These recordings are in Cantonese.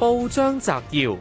報章摘要：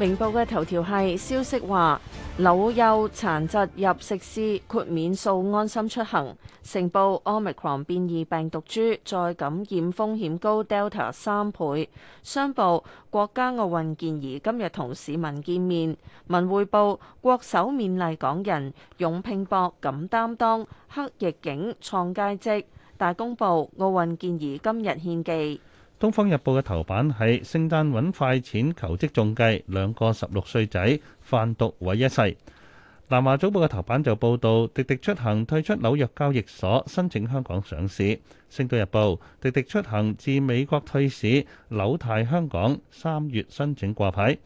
明報嘅頭條係消息話，老幼殘疾入食肆豁免數安心出行。成報：Omicron 變異病毒株再感染風險高，Delta 三倍。商報：國家奧運健兒今日同市民見面。文匯報：國手勉勵港人勇拼搏、敢擔當，克逆境創佳績。大公報：奧運健兒今日獻技。《東方日報》嘅頭版係「聖誕揾快錢求職中計，兩個十六歲仔販毒毀一世。《南華早報》嘅頭版就報導滴滴出行退出紐約交易所，申請香港上市。《星島日報》滴滴出行自美國退市，扭態香港三月申請掛牌。《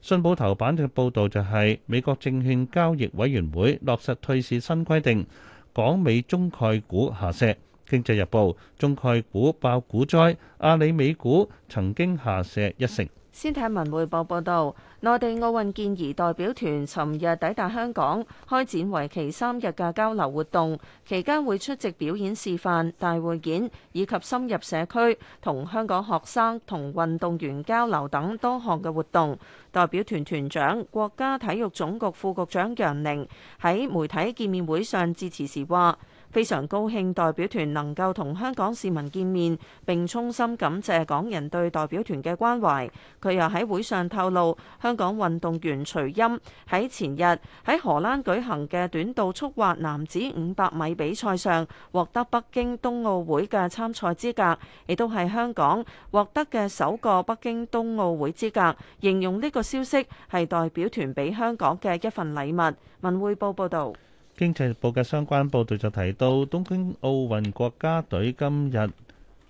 信報》頭版嘅報導就係、是、美國證券交易委員會落實退市新規定，港美中概股下瀉。《經濟日報》中概股爆股災，阿里美股曾經下瀉一成。先睇文匯報報道，內地奧運健兒代表團尋日抵達香港，開展為期三日嘅交流活動，期間會出席表演示範、大會演以及深入社區同香港學生同運動員交流等多項嘅活動。代表團團長、國家體育總局副局長楊寧喺媒體見面會上致辭時話，非常高興代表團能夠同香港市民見面，並衷心感謝港人對代表團嘅關懷。佢又喺會上透露，香港運動員徐欽喺前日喺荷蘭舉行嘅短道速滑男子五百米比賽上獲得北京冬奧會嘅參賽資格，亦都係香港獲得嘅首個北京冬奧會資格，形容呢個消息係代表團俾香港嘅一份禮物。文匯報報導。經濟日報嘅相關報導就提到，東京奧運國家隊今日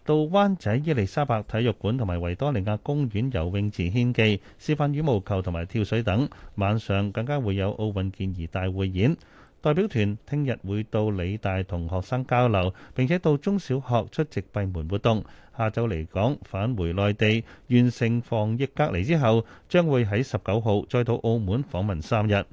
到灣仔伊利沙伯體育館同埋維多利亞公園游泳池獻技，示範羽毛球同埋跳水等。晚上更加會有奧運健兒大匯演。代表團聽日會到理大同學生交流，並且到中小學出席閉門活動。下晝嚟港返回內地完成防疫隔離之後，將會喺十九號再到澳門訪問三日。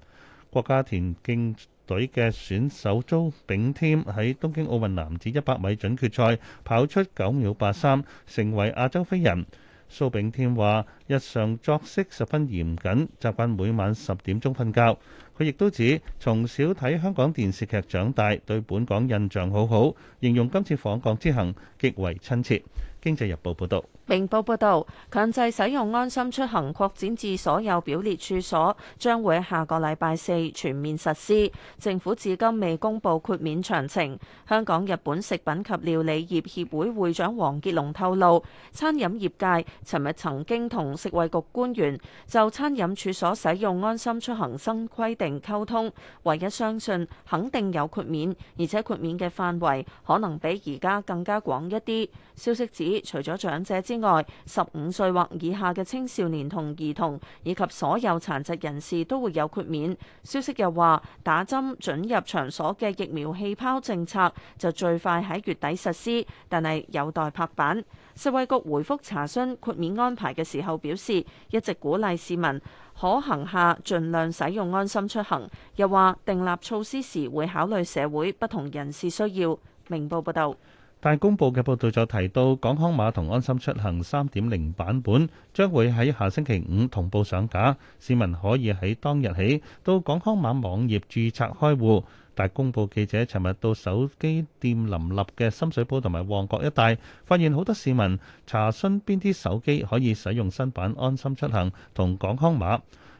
國家田徑隊嘅選手蘇炳添喺東京奧運男子一百米準決賽跑出九秒八三，成為亞洲飛人。蘇炳添話：日常作息十分嚴謹，習慣每晚十點鐘瞓覺。佢亦都指從小睇香港電視劇長大，對本港印象好好，形容今次訪港之行極為親切。經濟日報報導。明報報道，強制使用安心出行擴展至所有表列處所，將會下個禮拜四全面實施。政府至今未公布豁免詳情。香港日本食品及料理業協會會長黃傑龍透露，餐飲業界尋日曾經同食衛局官員就餐飲處所使用安心出行新規定溝通，唯一相信肯定有豁免，而且豁免嘅範圍可能比而家更加廣一啲。消息指，除咗長者之之外，十五歲或以下嘅青少年同兒童，以及所有殘疾人士都會有豁免。消息又話，打針准入場所嘅疫苗氣泡政策就最快喺月底實施，但係有待拍板。食衞局回覆查詢豁免安排嘅時候表示，一直鼓勵市民可行下，儘量使用安心出行。又話訂立措施時會考慮社會不同人士需要。明報報道。大公報嘅報道就提到，港康碼同安心出行3.0版本將會喺下星期五同步上架，市民可以喺當日起到港康碼網頁註冊開戶。大公報記者尋日到手機店林立嘅深水埗同埋旺角一帶，發現好多市民查詢邊啲手機可以使用新版安心出行同港康碼。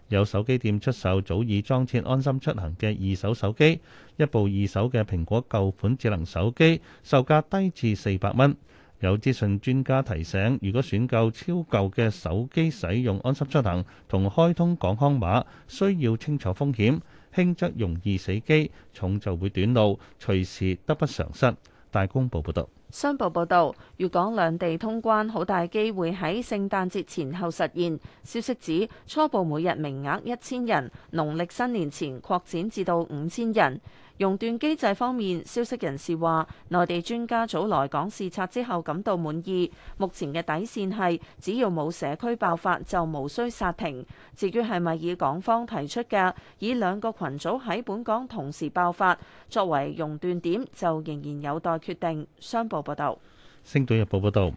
有手機店出售早已裝設安心出行嘅二手手機，一部二手嘅蘋果舊款智能手機，售價低至四百蚊。有資訊專家提醒，如果選購超舊嘅手機使用安心出行同開通港康碼，需要清楚風險，輕則容易死機，重就會短路，隨時得不償失。大公報報導，商報報導，粵港兩地通關好大機會喺聖誕節前後實現。消息指，初步每日名額一千人，農曆新年前擴展至到五千人。熔斷機制方面，消息人士話，內地專家組來港視察之後感到滿意。目前嘅底線係，只要冇社區爆發就無需煞停。至於係咪以港方提出嘅以兩個群組喺本港同時爆發作為熔斷點，就仍然有待決定。商報報導，星步步道《星島日報》報導。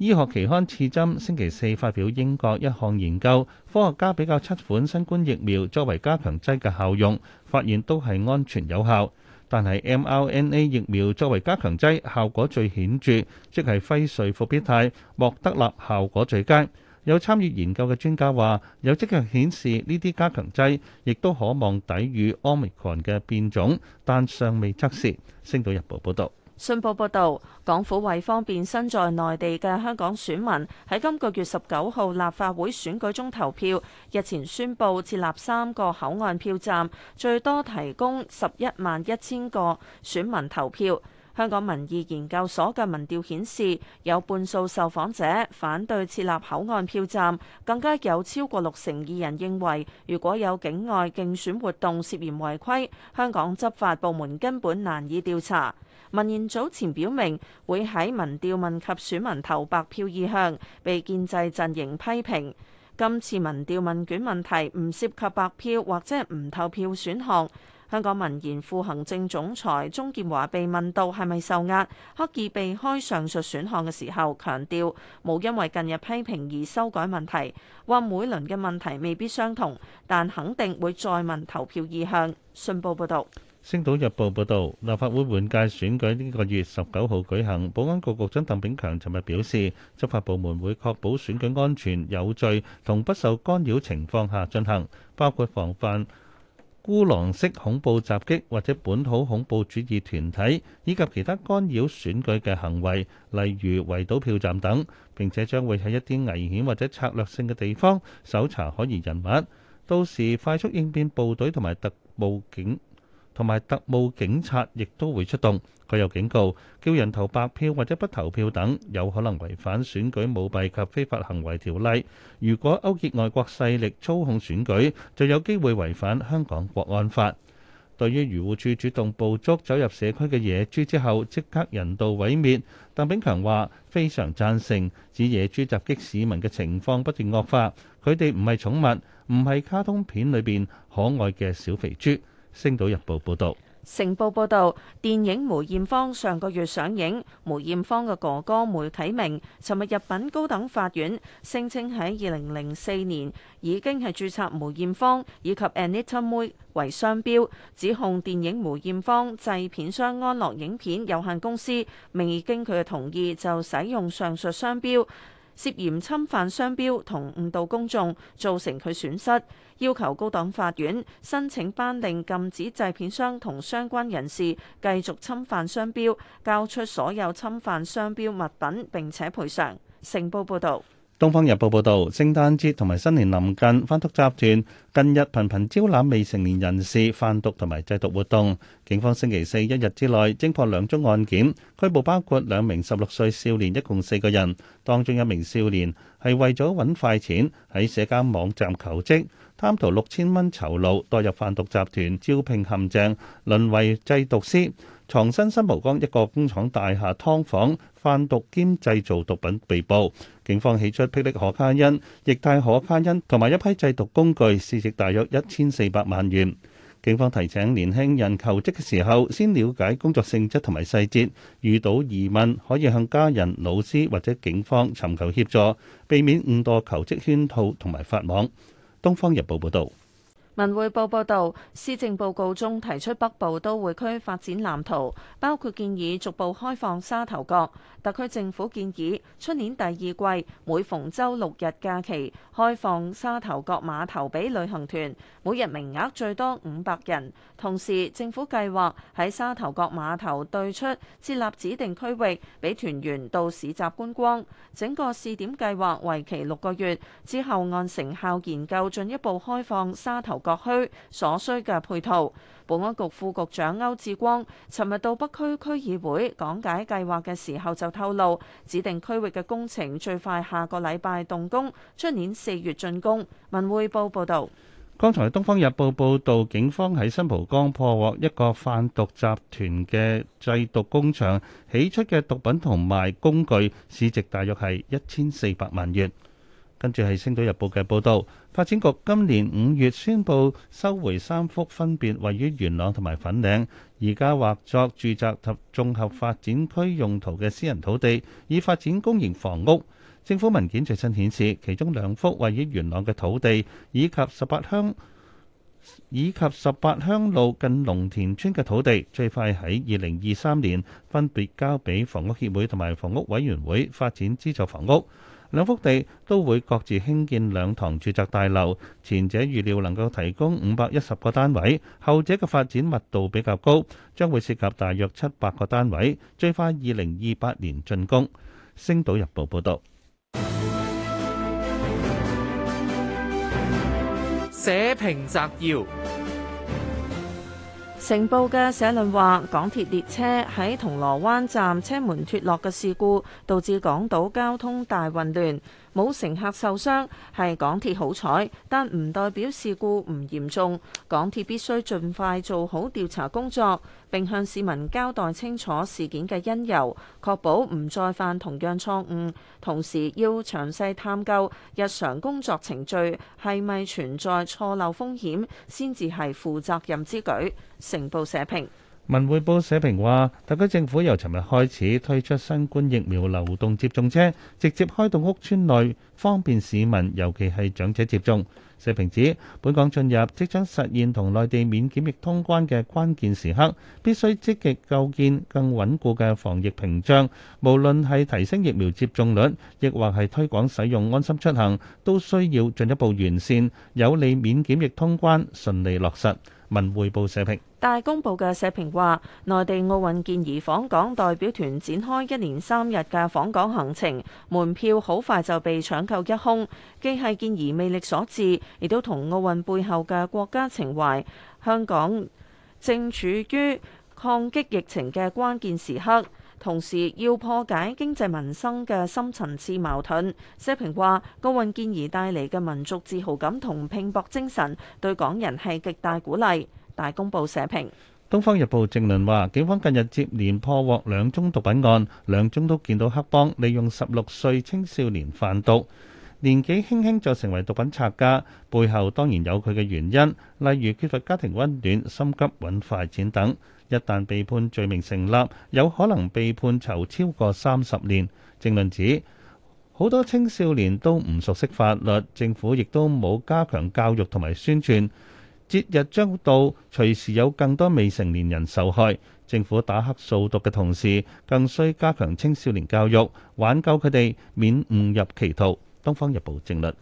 醫學期刊《刺針》星期四發表英國一項研究，科學家比較七款新冠疫苗作為加強劑嘅效用，發現都係安全有效。但係 mRNA 疫苗作為加強劑效果最顯著，即係輝瑞復必泰、莫德納效果最佳。有參與研究嘅專家話，有跡象顯示呢啲加強劑亦都可望抵禦 Omicron 嘅變種，但尚未測試。《星島日報》報導。信報報導，港府為方便身在內地嘅香港選民喺今個月十九號立法會選舉中投票，日前宣布設立三個口岸票站，最多提供十一萬一千個選民投票。香港民意研究所嘅民調顯示，有半數受訪者反對設立口岸票站，更加有超過六成二人認為，如果有境外競選活動涉嫌違規，香港執法部門根本難以調查。民研早前表明會喺民調問及選民投白票意向，被建制陣營批評。今次民調問卷問題唔涉及白票或者唔投票選項。香港民研副行政總裁鍾劍華被問到係咪受壓刻意避開上述選項嘅時候，強調冇因為近日批評而修改問題，話每輪嘅問題未必相同，但肯定會再問投票意向。信報報道。《星島日報》報導，立法會換屆選舉呢個月十九號舉行。保安局局長鄧炳強尋日表示，執法部門會確保選舉安全、有序同不受干擾情況下進行，包括防範孤狼式恐怖襲擊或者本土恐怖主義團體，以及其他干擾選舉嘅行為，例如圍堵票站等。並且將會喺一啲危險或者策略性嘅地方搜查可疑人物。到時快速應變部隊同埋特務警。同埋特務警察亦都會出動。佢又警告，叫人投白票或者不投票等，有可能違反選舉舞弊及非法行為條例。如果勾結外國勢力操控選舉，就有機會違反香港國安法。對於漁護署主動捕捉走入社區嘅野豬之後，即刻人道毀滅，鄧炳強話非常贊成。指野豬襲擊市民嘅情況不斷惡化，佢哋唔係寵物，唔係卡通片裏邊可愛嘅小肥豬。星島日報報道，成報報道，電影梅艷芳上個月上映。梅艷芳嘅哥哥梅啟明尋日入稟高等法院，聲稱喺二零零四年已經係註冊梅艷芳以及 Anita 妹為商標，指控電影《梅艷芳》製片商安樂影片有限公司未經佢嘅同意就使用上述商標。涉嫌侵犯商標同誤導公眾，造成佢損失，要求高等法院申請頒令，禁止製片商同相關人士繼續侵犯商標，交出所有侵犯商標物品，並且賠償。《成報》報道。《東方日報》報導，聖誕節同埋新年臨近，販毒集團近日頻頻招攬未成年人士販毒同埋製毒活動。警方星期四一日之內偵破兩宗案件，拘捕包括兩名十六歲少年，一共四個人。當中一名少年係為咗揾快錢，喺社交網站求職，貪圖六千蚊酬勞，墮入販毒集團招聘陷阱，淪為製毒師。藏身新蒲崗一個工廠大廈劏房，販毒兼製造毒品被捕。警方起出霹靂可卡因、液態可卡因同埋一批製毒工具，市值大約一千四百萬元。警方提醒年輕人求職嘅時候，先了解工作性質同埋細節，遇到疑問可以向家人、老師或者警方尋求協助，避免誤墮求職圈套同埋法網。《東方日報》報導。文匯報報道，施政報告中提出北部都會區發展藍圖，包括建議逐步開放沙頭角。特區政府建議，出年第二季每逢周六日假期開放沙頭角碼頭俾旅行團，每日名額最多五百人。同時，政府計劃喺沙頭角碼頭對出設立指定區域俾團員到市集觀光。整個試點計劃為期六個月，之後按成效研究進一步開放沙頭。各區所需嘅配套，保安局副局長歐志光尋日到北區區議會講解計劃嘅時候就透露，指定區域嘅工程最快下個禮拜動工，出年四月竣工。文匯報報道，剛才《東方日報》報道，警方喺新蒲崗破獲一個販毒集團嘅製毒工廠，起出嘅毒品同埋工具市值大約係一千四百萬元。跟住係《星島日報》嘅報導，發展局今年五月宣布收回三幅分別位於元朗同埋粉嶺，而家劃作住宅及綜合發展區用途嘅私人土地，以發展公營房屋。政府文件最新顯示，其中兩幅位於元朗嘅土地，以及十八鄉以及十八鄉路近龍田村嘅土地，最快喺二零二三年分別交俾房屋協會同埋房屋委員會發展資助房屋。兩幅地都會各自興建兩幢住宅大樓，前者預料能夠提供五百一十個單位，後者嘅發展密度比較高，將會涉及大約七百個單位，最快二零二八年竣工。《星島日報》報導。社評摘要。《成報》嘅社論話，港鐵列車喺銅鑼灣站車門脱落嘅事故，導致港島交通大混亂。冇乘客受傷，係港鐵好彩，但唔代表事故唔嚴重。港鐵必須盡快做好調查工作，並向市民交代清楚事件嘅因由，確保唔再犯同樣錯誤。同時要詳細探究日常工作程序係咪存在錯漏風險，先至係負責任之舉。成報社評。文匯報社評話，特區政府由尋日開始推出新冠疫苗流動接種車，直接開到屋邨內，方便市民，尤其係長者接種。社評指，本港進入即將實現同內地免檢疫通關嘅關鍵時刻，必須積極構建更穩固嘅防疫屏障。無論係提升疫苗接種率，亦或係推廣使用安心出行，都需要進一步完善，有利免檢疫通關順利落實。文匯報社評。大公報嘅社評話：內地奧運健兒訪港代表團展開一連三日嘅訪港行程，門票好快就被搶購一空，既係健兒魅力所致，亦都同奧運背後嘅國家情懷。香港正處於抗擊疫情嘅關鍵時刻，同時要破解經濟民生嘅深層次矛盾。社評話：奧運健兒帶嚟嘅民族自豪感同拼搏精神，對港人係極大鼓勵。大公報社評，《東方日報》正論話：警方近日接連破獲兩宗毒品案，兩宗都見到黑幫利用十六歲青少年販毒，年紀輕輕就成為毒品拆家，背後當然有佢嘅原因，例如缺乏家庭溫暖、心急揾快錢等。一旦被判罪名成立，有可能被判囚超過三十年。正論指，好多青少年都唔熟悉法律，政府亦都冇加強教育同埋宣傳。節日將到，隨時有更多未成年人受害。政府打黑掃毒嘅同時，更需加強青少年教育，挽救佢哋，免誤入歧途。《東方日報》正論。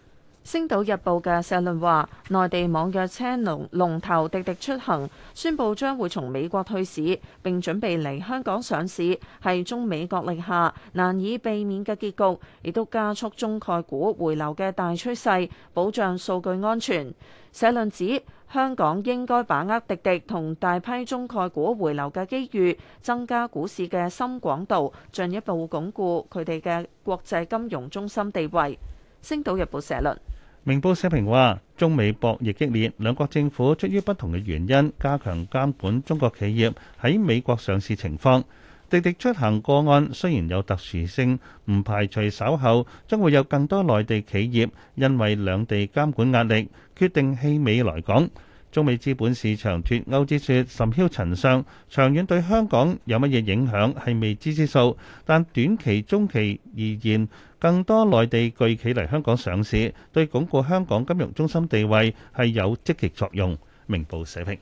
《星島日報》嘅社論話，內地網約車龍龍頭滴滴出行宣布將會從美國退市，並準備嚟香港上市，係中美角力下難以避免嘅結局，亦都加速中概股回流嘅大趨勢，保障數據安全。社論指，香港應該把握滴滴同大批中概股回流嘅機遇，增加股市嘅深廣度，進一步鞏固佢哋嘅國際金融中心地位。《星島日報》社論。明報社評話：中美博弈激烈，兩國政府出於不同嘅原因加強監管中國企業喺美國上市情況。滴滴出行個案雖然有特殊性，唔排除稍後將會有更多內地企業因為兩地監管壓力決定棄美來港。中美資本市場脱歐之說，甚囂塵上，長遠對香港有乜嘢影響係未知之數，但短期、中期而言，更多內地巨企嚟香港上市，對鞏固香港金融中心地位係有積極作用。明報社評。